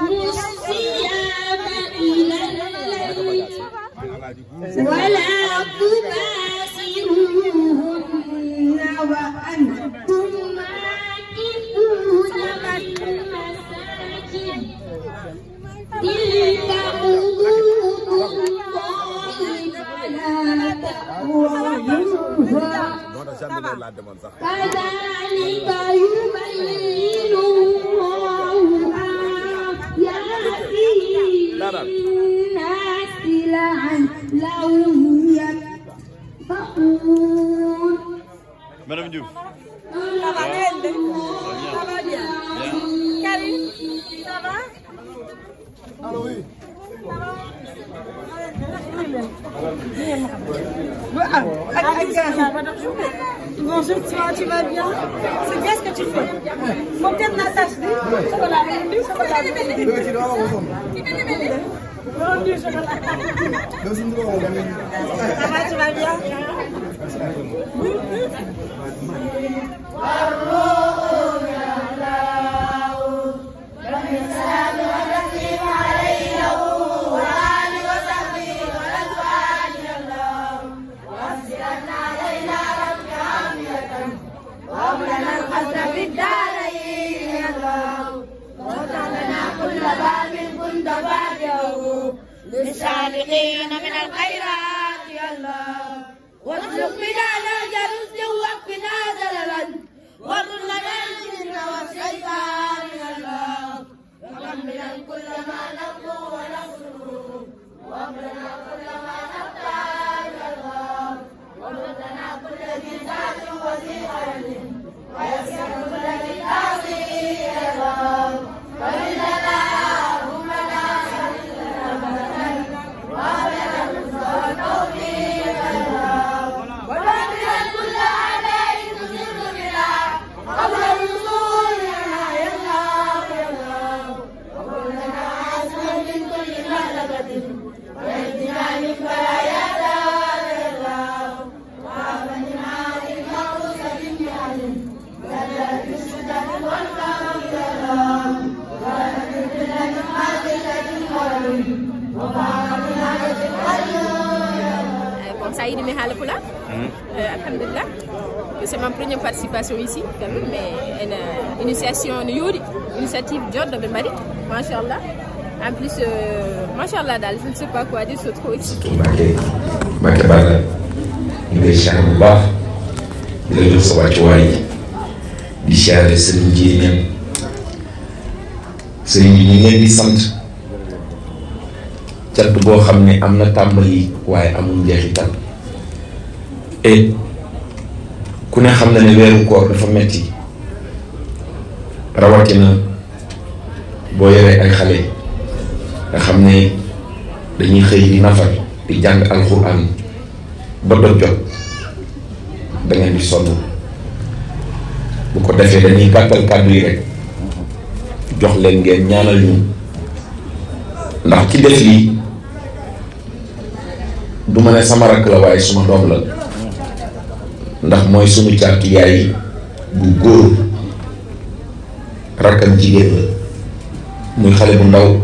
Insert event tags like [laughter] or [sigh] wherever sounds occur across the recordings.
الصيام إلى الليل ولا تباشروهن وأنتم ماكثون في المساجد تلك حدود الله فلا تأوهمها كذلك يبين الغرر الناس لعلهم يتقون Madame Diouf. Ça va, elle Ça va bien. bien. Karine, ça va Allô, oui. Ça va Bonjour toi, tu vas bien C'est bien ce que tu fais. Mon père Tu Ça va, tu vas bien للسابقين من الخيرات يا الله واسلك بنا نهج رشد واكفنا زللا وكل من الجن والشيطان يا الله وكملا كل ما Comme euh, ça, il est Halapola. Hmm. Euh, Alhamdulillah. C'est ma première participation ici, quand même, mais une euh, initiation de Yuri, initiative Jordan de Marie, Masha'Allah. En plus, euh, Masha'Allah, je ne sais pas quoi dire, c'est trop excité. ñu ngi siyaare bu baax di la jox sa wàccuwaay di siyaare sëriñ ji ñam sëriñ bi ñu ngi leen di sant cat boo xam ne am na tàmbali waaye amul njeexital et ku ne xam na ne weeru koor dafa metti rawatina boo yoree ay xale nga xam ne dañuy xëy di nafar di jàng alxuraan ba doj jot da di sonn bu ko defee dañuy gàttal kàddu yi rek jox leen ngeen ñaanal ñu. ndax ci def lii du ma sama rakk la waaye suma doom la ndax mooy suñu càkk yaay bu góor rakkam jigéen la muy xale bu ndaw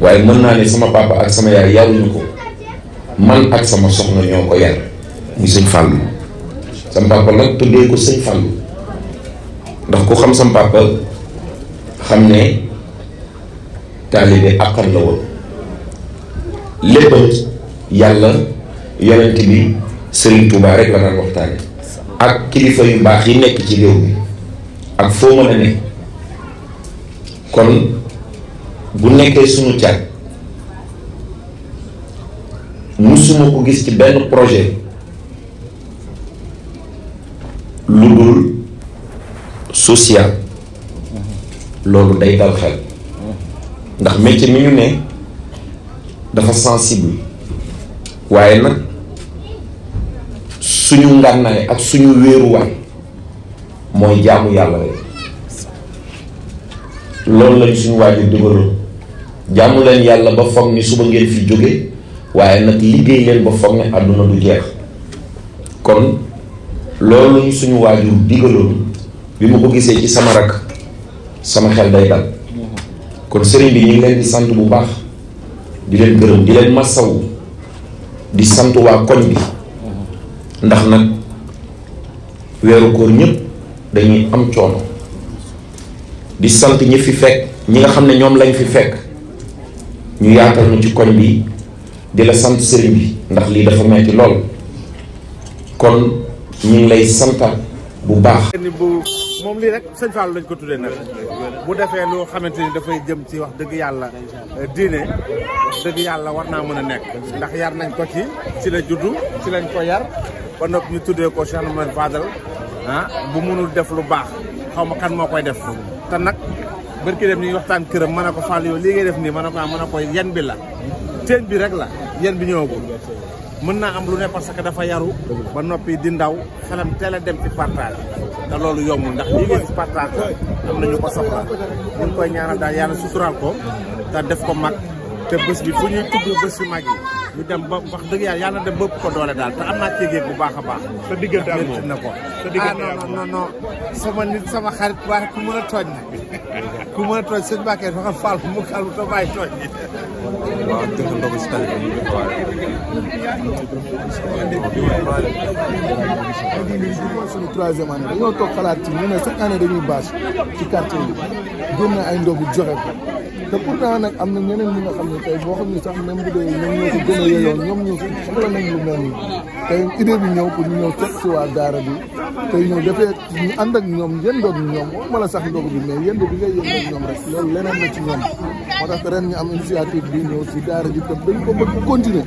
waaye mën naa ne sama papa ak sama yaay yaruñu ko man ak sama soxna ñoo ko yar muy sëñ fàllu sama papa nag tuddee ko sëñ fàllu ndax ku xam sama papa xam ne taalibe akam la woon lépp yàlla yonent bi Serigne Touba rek la daan waxtaane ak kilifa yu baax yi nekk ci réew ak foo mën ne kon bu nekkee sunu caat musuma ko gis ci benn projet lu dul social mhm. loolu day dal xel ndax métier mi ñu ne dafa sensible waaye nag suñu ngànnaay ak suñu wéeruwaay mooy jaamu yàlla rek loolu lañ suñu waajur dëgëral jaamu leen yàlla ba foog ni suba ngeen fi jóge waaye nag liggéey leen ba foog ne àdduna du jeex kon loolu lañ suñu waajur digaloon bi ma ko gisee ci sama rak sama xel day dal kon sëriñ bi ñu leen di sant bu baax di leen gërëm di leen massaw di sant waa koñ bi ndax nag weeru koor ñëpp dañuy am coono di sant ñi fi fekk ñi nga xam ne ñoom lañ fi fekk ñu yaatal ñu ci koñ bi di la sant sëriñ bi ndax lii dafa metti lool kon ñu ngi lay santal bu baax moom lii rek sëñ Fallou lañ ko tuddee nag bu defee loo xamante ni dafay jëm ci wax dëgg yàlla eh, diine dëgg yàlla war naa mën a nekk ndax yar nañ ko ci ci la juddu ci lañ ko yar ba noppi ñu tuddee ko si Mouhamed Fadal ah bu mënul def lu baax xaw ma kan moo koy def te nag barki dem ñuy waxtaan këram mën a ko Fallou yow lii ngay def nii man a ko ah, mën a ko yen bi la teen bi rek la yen bi ñëwagul mën naa am lu ne parce que dafa yaru ba noppi di ndaw xelam teel a dem ci partage te loolu yombul ndax lii ngeen ci partage am nañu ko soxla ñu koy ñaanal daal yàlla suturaal ko te def ko mag te bés bi fu ñuy mag yi ñu dem ba wax dëgg yàlla yàlla dem bëpp ko doole daal te am naa ci yéeg bu baax a baax. sa diggante ak moom na ko. sa diggante ah, ak moom sama nit sama xarit bu baax ku mën a tooñ [laughs] ku mën a tooñ sëñ Bakay dafa faal mu kàll te bàyyi tooñ waaw dëkkandoo ko si tali bi ñu ko waaye. suñu xalaat ci ñu ne chaque année dañuy baas ci quartier yi génne ay ndogu joxe ko te pourtant nag am na ñeneen ñi nga xam ne tey boo xam ne sax même bu dee ñoom ñoo a yeyoon ñoom ñu soxla bi ñëw pour ñu ñëw fekk daara bi tey ñëw defee ñu ànd ak ñoom yëndoog ñoom waxuma la sax ndogu bi mais yënd bi ngay yëndoog ñoom rek loolu leneen la ci ñoom moo tax ren am initiative bi ñëw si daara ji te dañ ko bëgg continuer